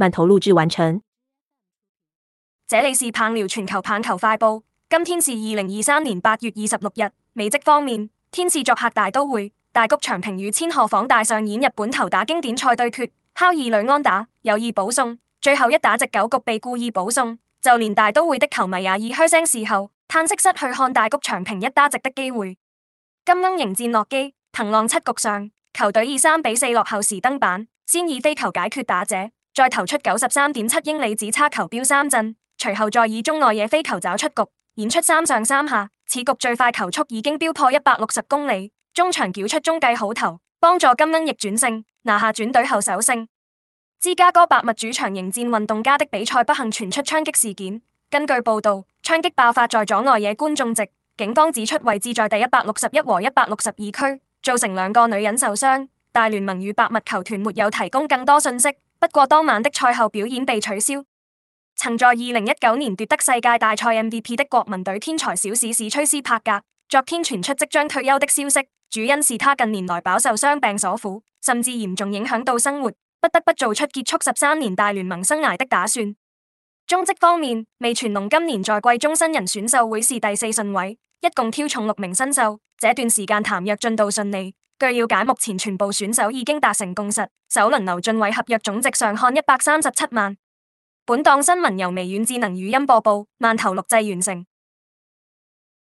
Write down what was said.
曼頭錄製完成。這裏是棒聊全球棒球快報。今天是二零二三年八月二十六日。美職方面，天使作客大都會，大谷翔平與千賀滉大上演日本投打經典賽對決，敲二壘安打，有意保送，最後一打席九局被故意保送，就連大都會的球迷也以噓聲伺候，嘆息失去看大谷翔平一打席的機會。金鶯迎戰落基，藤浪七局上，球隊以三比四落後時登板，先以飛球解決打者。再投出九十三點七英里，只差球標三陣，隨後再以中外野飛球找出局，演出三上三下。此局最快球速已經飆破一百六十公里，中場繳出中繼好投，幫助金恩逆轉勝，拿下轉隊後首勝。芝加哥白襪主場迎戰運動家的比賽不幸傳出槍擊事件，根據報道，槍擊爆發在左外野觀眾席，警方指出位置在第一百六十一和一百六十二區，造成兩個女人受傷。大聯盟與白襪球團沒有提供更多信息。不過當晚的賽後表演被取消。曾在二零一九年奪得世界大賽 MVP 的國民隊天才小史史崔斯帕格，昨天傳出即將退休的消息，主因是他近年來飽受傷病所苦，甚至嚴重影響到生活，不得不做出結束十三年大聯盟生涯的打算。中職方面，味全龍今年在季中新人選秀會是第四順位，一共挑中六名新秀，這段時間談約進度順利。據了解，目前全部選手已經達成共識，首輪劉俊偉合約總值上看一百三十七萬。本檔新聞由微軟智能語音播報，饅頭錄製完成。